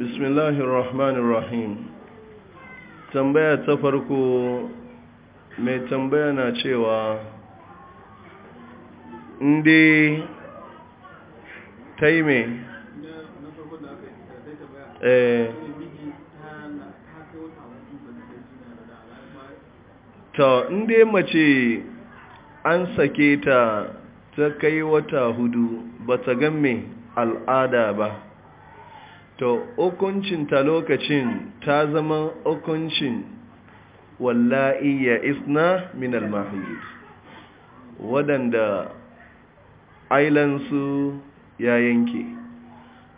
bismillahir rahmanir rahim tambaya ta farko mai tambaya na cewa ndi taime eh ta ndi mace an sake ta ta kai wata hudu ba ta gamme al'ada ba to hukuncin ta lokacin ta zama hukuncin wallahi ya isna min almahid waɗanda ailansu ya yanke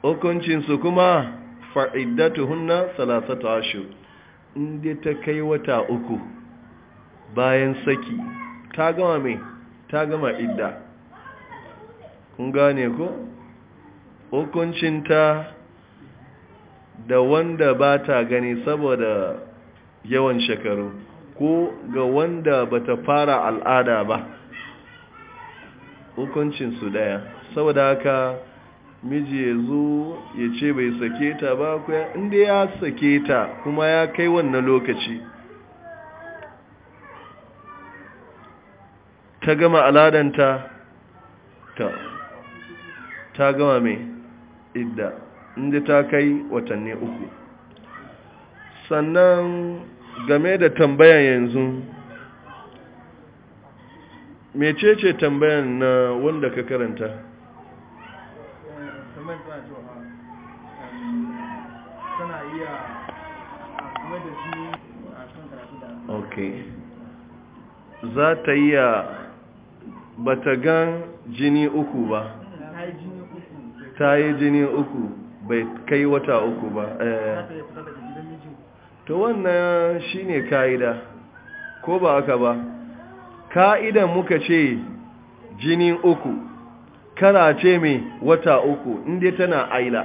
hukuncinsu kuma fa'iddatuhunna salasatu inda ta kai wata uku bayan saki ta gama mai ta gama idda kun gane ko hukuncinta da wanda ba ta gani saboda yawan shekaru ko ga wanda ba ta fara al'ada ba hukuncinsu daya saboda haka miji ya zo ya ce bai sake ta ba kuwa inda ya sake ta kuma ya kai wannan lokaci ta gama al'adanta ta ta gama mai idda inda ta kai watanni uku sannan game da tambaya yanzu mecece tambayan na wanda ka karanta um, uh, uh, ok za ta yi a bata gan jini uku ba ta yi jini uku bai kai wata uku ba eh. to wannan shine ka'ida ko ba haka ba ka'idan muka ce jini uku kana ce mai wata uku inda tana aila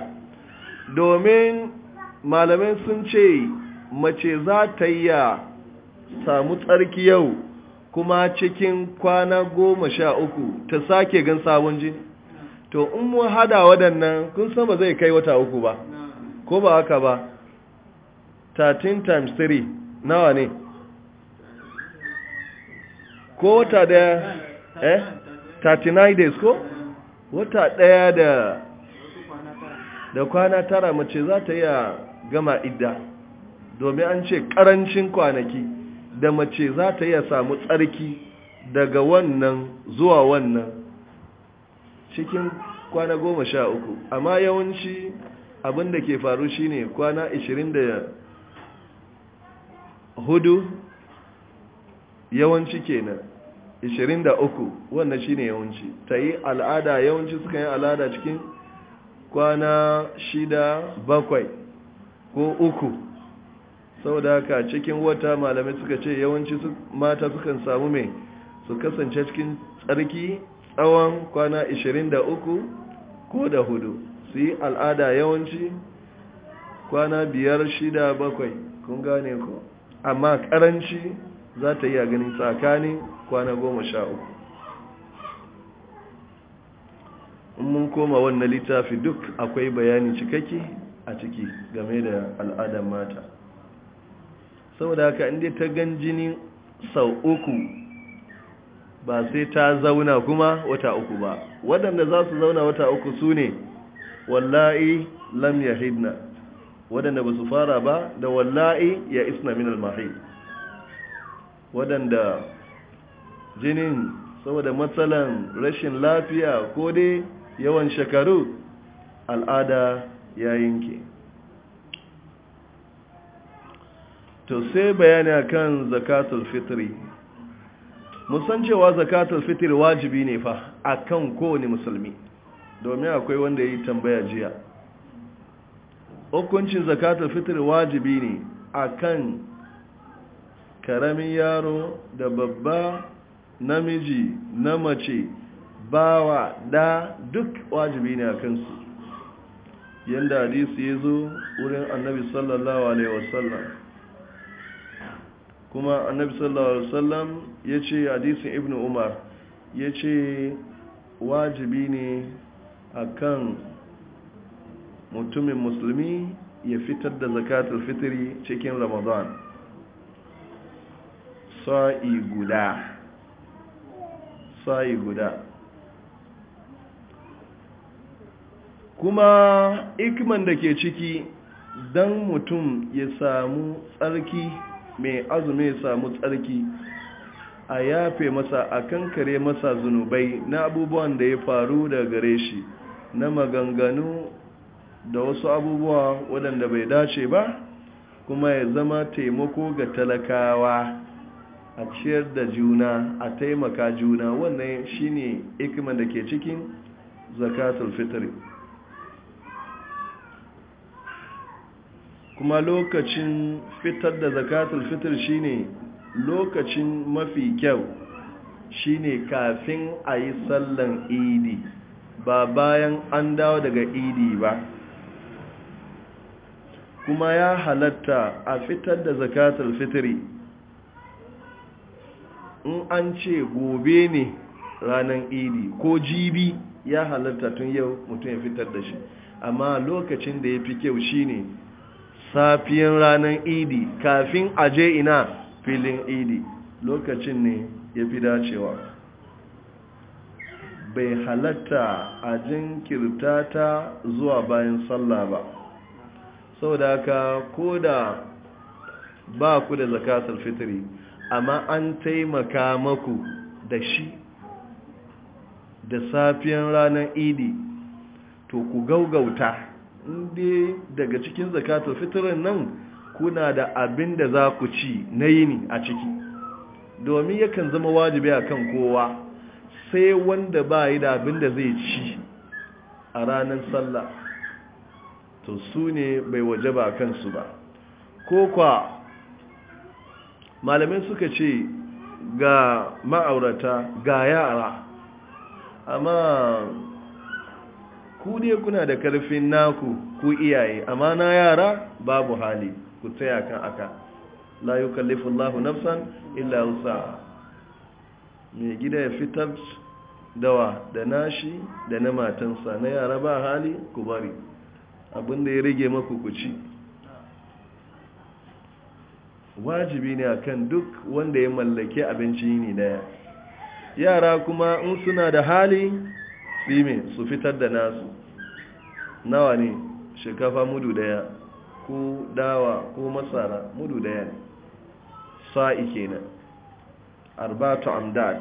domin malamai sun ce mace za ta iya samu tsarki yau kuma cikin kwana goma sha uku ta sake gan sabon jini to in mun hada waɗannan kun san ba zai kai wata uku ba ko ba haka ba 13 times 3 nawa ne ko wata daya eh 39 days ko wata daya da da kwana tara mace za ta iya gama idda domin an ce ƙarancin kwanaki da mace za ta iya samu tsarki daga wannan zuwa wannan cikin kwana goma sha uku amma yawanci abin da ke faru shine kwana ishirin da hudu yawanci kenan ishirin da uku wannan shine yawanci ta yi al'ada yawanci suka yi al'ada cikin kwana shida bakwai ko uku Sau da haka cikin wata malamai suka ce yawanci mata sukan samu mai su kasance cikin tsarki tsawon kwana 23 ko da hudu su yi al'ada yawanci kwana biyar shida bakwai kun gane ku amma karanci za ta yi a ganin tsakanin kwana goma sha uku mun koma wannan littafi duk akwai bayani cikakke a ciki game da al'adar mata saboda haka inda ta gan jini sau uku ba sai ta zauna kuma wata uku ba waɗanda za su zauna wata uku su ne wallahi lam ya hidna, waɗanda ba su fara ba da wallahi ya isna min almahi waɗanda jinin saboda matsalan rashin lafiya ko dai yawan shekaru al'ada ya yanke to sai bayani akan zakatul fitri musan cewa zakatul fitr wajibi ne fa akan kowane musulmi domin akwai wanda ya yi tambaya jiya hukuncin zakatul fitr wajibi ne akan karamin yaro da babba namiji na mace bawa da duk wajibi ne a kansu yadda hadisi yazo wurin annabi sallallahu alaihi wasallam kuma annabi sallallahu alaihi wasallam ya ce hadisin Ibnu umar yace wajibi ne akan mutumin musulmi ya fitar da zakatul fitri cikin ramadan sa'i guda sa'i guda kuma ikman da ke ciki don mutum ya samu tsarki mai azumi ya samu tsarki a yafe masa a kankare masa zunubai na abubuwan da ya faru da gare shi na maganganu da wasu abubuwa waɗanda bai dace ba kuma ya zama taimako ga talakawa a ciyar da juna a taimaka juna wannan shine ikiman da ke cikin zakatul fitri kuma lokacin fitar da zakatul fitr shine lokacin mafi kyau shine kafin a yi sallan idi ba bayan an dawo daga idi ba kuma ya halatta a fitar da zakatul fitri in an ce gobe ne ranar idi ko jibi ya halatta tun yau mutum ya fitar da shi amma lokacin da ya fi kyau shine safiyan ranar idi kafin aje ina filin idi lokacin ne ya fi dacewa bai halatta a jin kirtata zuwa bayan sallah ba sau da aka ko da ba ku da zakatar fitiri, amma an taimaka maku da shi da safiyan ranar idi to ku gaugauta inda daga cikin zakatul fitirin nan kuna da abin da za ku ci na yini a ciki domin yakan zama wajibi a kan kowa sai wanda ba yi da abin da zai ci a ranar sallah to su ne bai waje ba kansu ba ko kwa malamin suka ce ga ma'aurata ga yara amma ku ne kuna da karfin naku ku iyaye amma na yara babu hali ku tsaya kan aka la yukallifu Allahu nafsan illa wusa mai gida ya fitar dawa da nashi da na matansa na yara ba hali ku bari abinda ya rage maku ku ci wajibi ne akan duk wanda ya mallake abinci ne daya yara kuma in suna da hali su fitar da nasu nawa ne shinkafa mudu daya ko dawa ko masara mudu daya ne sa'i kenan arbatu amdat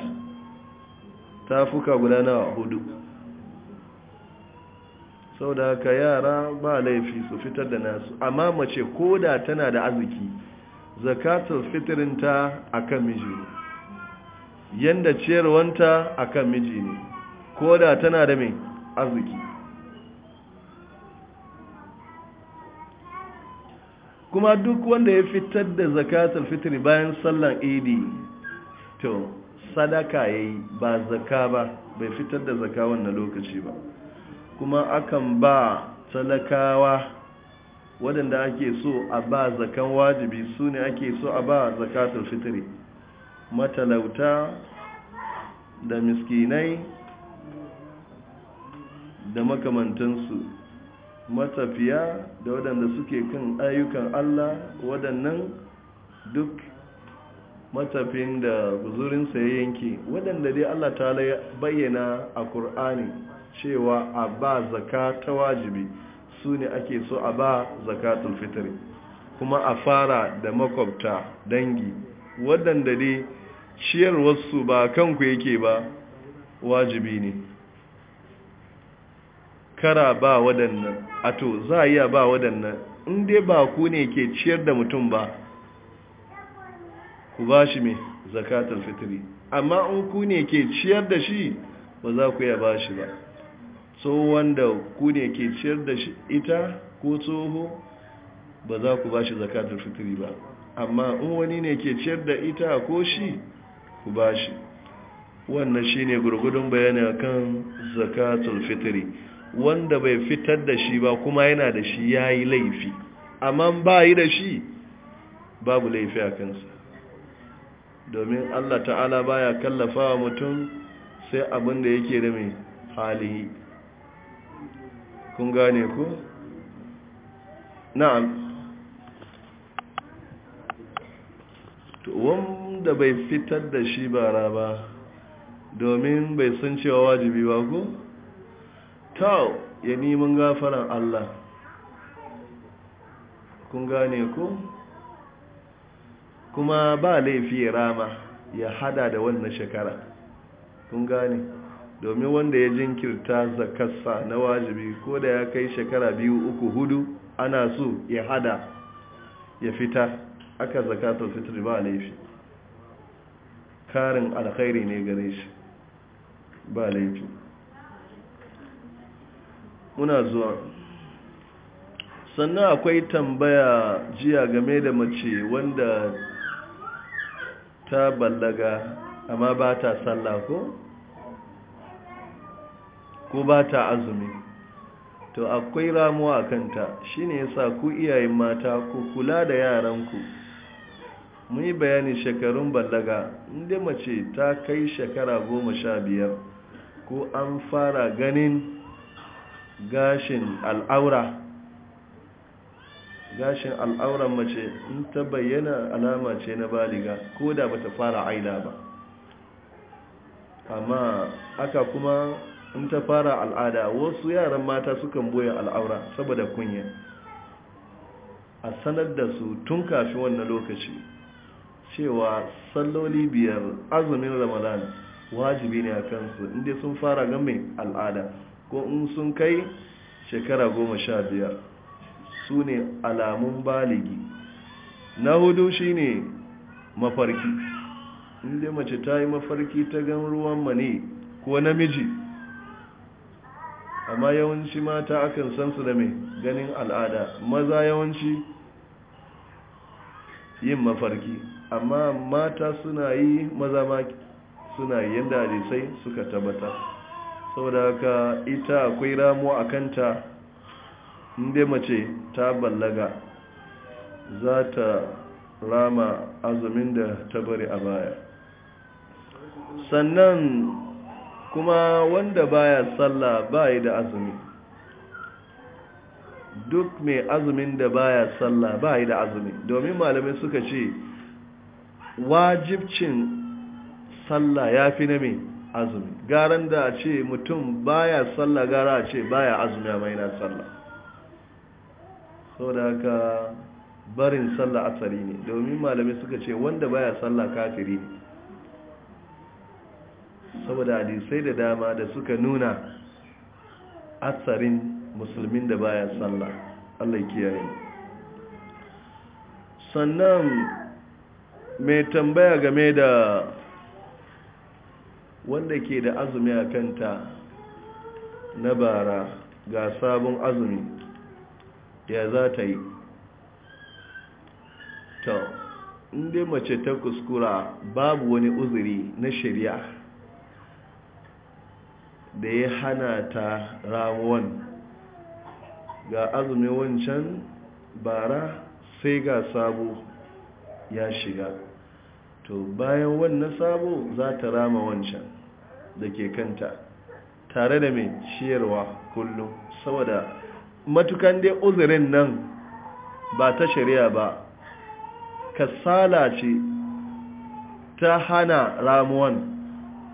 ta fuka guda nawa hudu sau da haka yara ba laifi su fitar da nasu amma mace koda tana da arziki fitarinta fitirinta kan miji ne. yanda ciyarwanta kan miji ne Koda tana da mai arziki kuma duk wanda ya fitar da zakatul fitri bayan sallan idi to sadaka yayi ba zaka ba bai fitar da zaka wannan lokaci ba kuma akan ba talakawa waɗanda ake so a ba zakan wajibi su ne ake so a ba zakatul fitri matalauta da miskinai da makamantansu matafiya da waɗanda suke kan ayyukan Allah waɗannan duk matafin da guzurinsa ya yanki waɗanda dai Allah ta bayyana a Kur'ani cewa a ba zaka ta wajibi su ne ake so a ba zaka tulfitari kuma a fara da makwabta dangi waɗanda dai ciyarwarsu ba kanku yake ba wajibi ne kara ba waɗannan a to za a iya ba waɗannan in dai ba ku ne ke ciyar da mutum ba ku ba shi mai zakatar fitiri amma in ku ne ke ciyar da shi ba za ku iya ba shi ba tsohon da ku ne ke ciyar da shi ita ko tsoho ba za ku ba shi zakatar fitiri ba amma in wani ne ke ciyar da ita ko shi ku ba shi wannan shi ne gurgudun bayani kan zakatar fitiri wanda bai fitar da shi ba kuma yana da shi ya yi laifi amma ba yi da shi babu laifi a kansa domin allah ta'ala baya kallafa wa mutum sai abin da yake da mai hali kun gane ku? na'am wanda bai fitar da shi bara ba domin bai san cewa wajibi ba ku? ta ya neman gafaran Allah kun gane ku kuma ba laifi rama ya hada da wannan shekara kun gane domin wanda ya jinkirta zakarsa na wajibi ko da ya kai shekara biyu uku hudu ana so ya hada ya fita aka zakatul fitri ba laifi karin alkhairi ne gare shi ba laifi muna zuwa sannan akwai tambaya jiya game da mace wanda ta ballaga amma ba ta sallah ko ko ba ta azumi to akwai ramuwa a kanta shi ne yasa ku iyayen mata ku kula da yaranku mun yi bayani shekarun ballaga inda mace ta kai shekara goma sha biyar ko an fara ganin gashin al'aura gashin al'auran mace in ta bayyana alama ce na baliga ko da ba ta fara aida ba amma aka kuma in ta fara al'ada wasu yaran mata sukan boye al'aura saboda kunya a sanar da su tun kafin wannan lokaci cewa salloli biyar azumin ramadan wajibi ne a kansu inda sun fara game al'ada ko in sun kai shekara goma sha biyar su ne alamun baligi na hudu shi ne mafarki inda mace ta yi mafarki ta gan ruwan mani ko namiji amma yawanci mata akan san su da mai ganin al'ada maza yawanci yin mafarki amma mata suna yi maza ma suna yi yadda sai suka tabbata. saboda haka ita akwai ramuwa a kanta inda mace ta ballaga za ta rama azumin da ta bari a baya sannan kuma wanda baya sallah yi da azumi duk mai azumin da baya sallah yi da azumi domin malamai suka ce wajibcin sallah ya fi na mai azumi garan da a ce mutum baya sallah gara a ce baya azumi amma yana sallah saboda haka barin sallah asali ne domin malamai suka ce wanda baya sallah kafiri ne saboda hadisai da dama da suka nuna atsarin musulmin da baya sallah Allah kiyaye sannan mai tambaya game da wanda ke da azumi a kanta na bara ga sabon azumi ya za ta yi ta inda mace ta kuskura babu wani uzuri na shari'a da ya hana ta ramuwan ga azumi wancan bara sai ga sabo ya shiga to bayan wannan sabo za ta rama wancan da ke kanta tare da mai ciyarwa kullum saboda matukan dai uzurin nan ba ta shari'a ba kasala ce ta hana ramuwan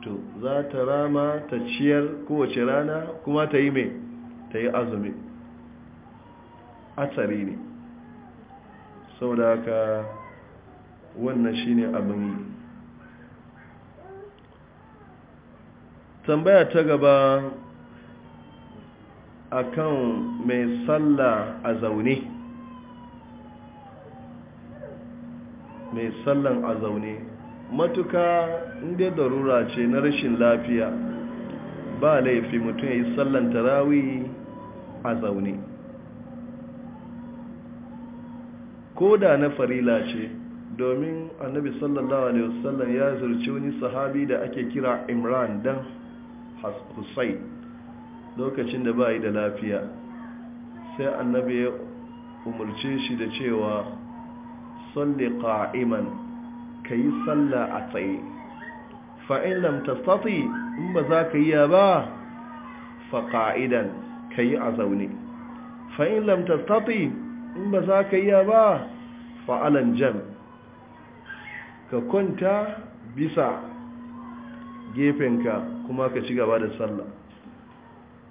to za ta rama ta ciyar kowace rana kuma ta yi mai ta yi azumi a tsari ne saboda haka wannan shine abin yi tambaya ta gaba akan mai sallah a zaune mai sallan a zaune matuka inda darura ce na rashin lafiya ba laifi mutum ya yi sallan tarawi a zaune ko da na farila ce domin annabi sallallahu alaihi wasallam ya zurci wani sahabi da ake kira imran dan husayn lokacin da bai da lafiya sai annabi ya umarce shi da cewa salli qa'iman yi salla a tsaye fa in lam tastati in ba za ka yi ba fa qa'idan yi a zaune fa in lam tastati in ba za ka yi ba fa alan jam' ka kwanta bisa gefenka kuma ka ci gaba da sallah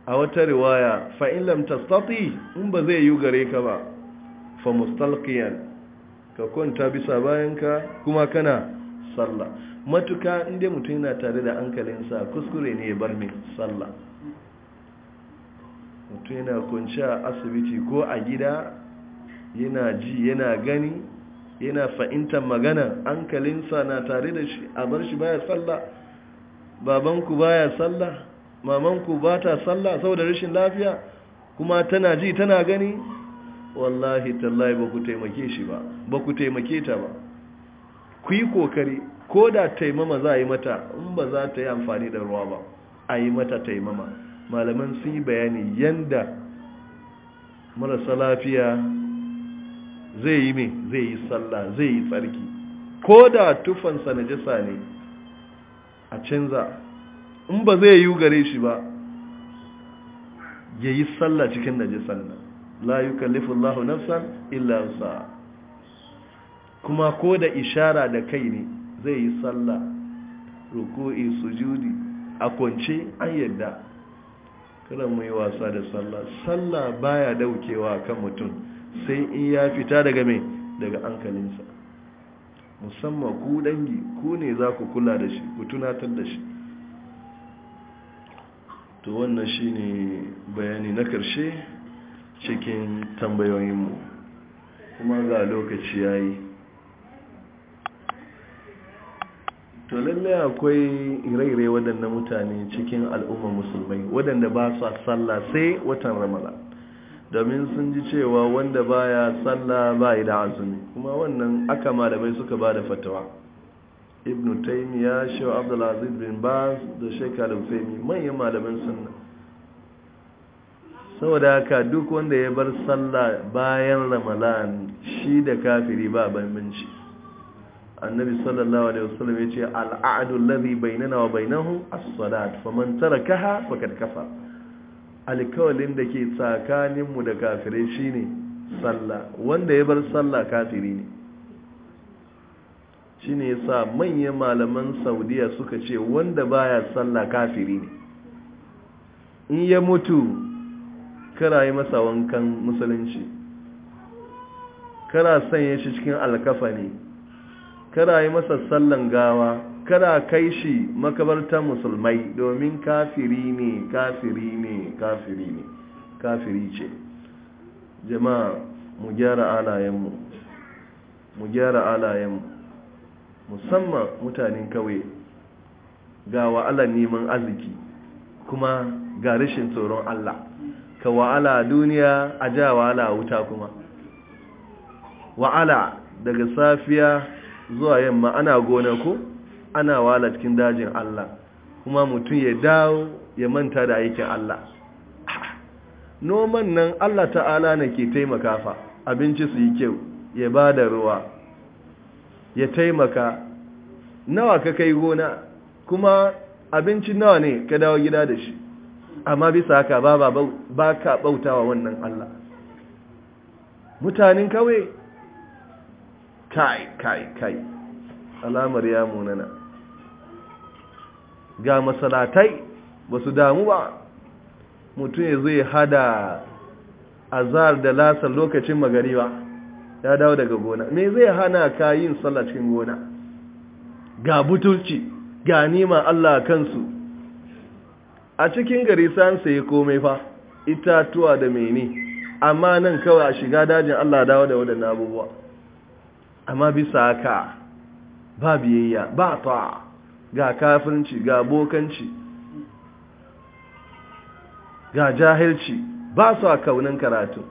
a wata riwaya fa'in lamtastati in ba zai yi gare ka ba fa mustalqiyan ka kwanta bisa bayanka kuma kana sallah matuka inda mutum yana tare da hankalinsa kuskure ne ya bar mai sallah mutum yana kwanci a asibiti ko a gida yana ji yana gani yana fahimtar magana hankalinsa na tare da shi a bar shi baya sallah babanku baya sallah mamanku ba ta sallah saboda rashin lafiya kuma tana ji tana gani wallahi tallahi ba ku taimake shi ba ba ku taimake ta ba ku yi kokari ko da taimama za a yi mata in ba za ta yi amfani da ruwa ba a yi mata taimama malaman sun yi bayani yanda marasa lafiya zai yi mai zai yi sallah zai yi tsarki ko da tufansa na jisa ne a canza in ba zai yi gare shi ba ya yi sallah cikin najisar nan la yi kallifin lahu nafsan kuma ko da ishara da kai ne zai yi sallah ruku'i sujudi a kwance an yadda kada mu yi wasa da sallah sallah baya daukewa kan mutum sai in ya fita daga mai daga hankalinsa musamman ku dangi ku ne za ku kula da shi ku tunatar da shi to wannan shi ne bayani na karshe cikin tambayoyinmu kuma ga lokaci ya yi to lallai akwai ire-ire waɗanda mutane cikin al'ummar musulmai waɗanda ba su sallah sai watan ramadan domin sun ji cewa wanda baya sallah yi da azumi kuma wannan aka malamai suka ba da fatawa ibn taymiya shehu abdulaziz bin baz da Shekaru femi manyan malaman sunna saboda haka duk wanda ya bar sallah bayan ramadan shi da kafiri ba bambanci annabi sallallahu alaihi wasallam ya ce al'adu alladhi bainana wa bainahu as-salat faman tarakaha faqad kafara alkawalin da ke tsakaninmu da kafirai shine sallah wanda ya bar sallah kafiri ne shine yasa manyan malaman saudiya suka ce wanda baya sallah kafiri ne in ya mutu kara yi masa wankan musulunci kara sanya shi cikin alkafa ne kara yi masa sallan gawa kada kai shi makabartar musulmai domin kafiri ne kafiri ne kafiri ne kafiri ce jama'a mu gyara alayenmu mu gyara alayenmu musamman mutanen kawai ga wa'ala neman arziki kuma ga rashin tsoron Allah ka wa'ala duniya a ja wa'ala wuta kuma wa'ala daga safiya zuwa yamma ana gona ko ana wala cikin dajin Allah kuma mutum ya dawo ya manta da aikin Allah noman nan Allah ta'ala na ke taimaka fa abinci su yi kyau ya ba da ruwa ya taimaka nawa ka kai gona kuma abinci nawa ne ka dawo gida da shi amma bisa haka ba ka wa wannan Allah mutanen kawai kai kai kai alamar ya munana ga masalatai ba su damu ba mutum ya zai hada azar da lasar lokacin ba ya dawo daga gona me zai hana ka yin sallah gona ga butulci ga nima Allah kansu a cikin gari san sai komai fa itatuwa da mene amma nan kawai a shiga dajin Allah dawo da wadannan abubuwa amma bisa haka ba biyayya ba ta'a ga kafirci ga bokanci ga jahilci ba su a kaunin karatu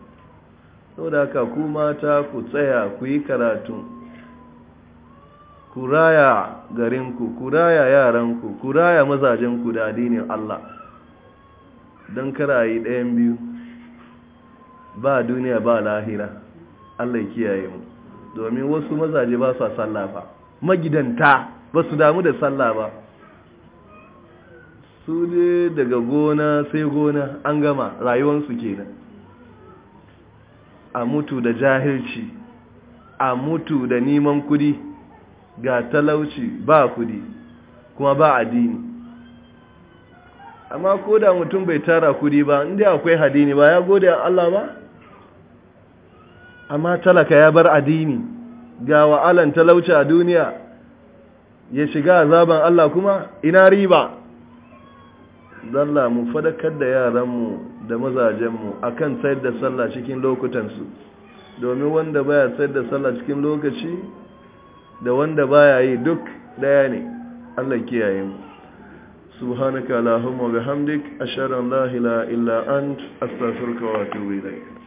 da haka ku mata ku tsaya ku yi karatu ku raya garinku ku raya yaranku ku raya mazajenku da adinin Allah don karayi ɗayan biyu ba duniya ba lahira Allah kiyaye mu domin wasu mazaje ba su sallafa magidanta ba su damu da sallah ba su ne daga gona sai gona an gama rayuwansu kenan a mutu da jahilci a mutu da neman kudi ga talauci ba kudi kuma ba addini amma ko da mutum bai tara kudi ba inda akwai hadini ba ya gode a Allah ba amma talaka ya bar addini ga wa'alan talauci a duniya ya shiga azaban Allah kuma ina riba dalla mu fadakar da yaranmu da mazajenmu akan tsayar da sallah cikin lokutansu domin wanda baya tsayar da sallah cikin lokaci da wanda baya yi duk daya ne Allah kiyaye mu subhanaka allahumma bihamdik ashhadu an la ilaha illa ant astaghfiruka wa atubu ilayk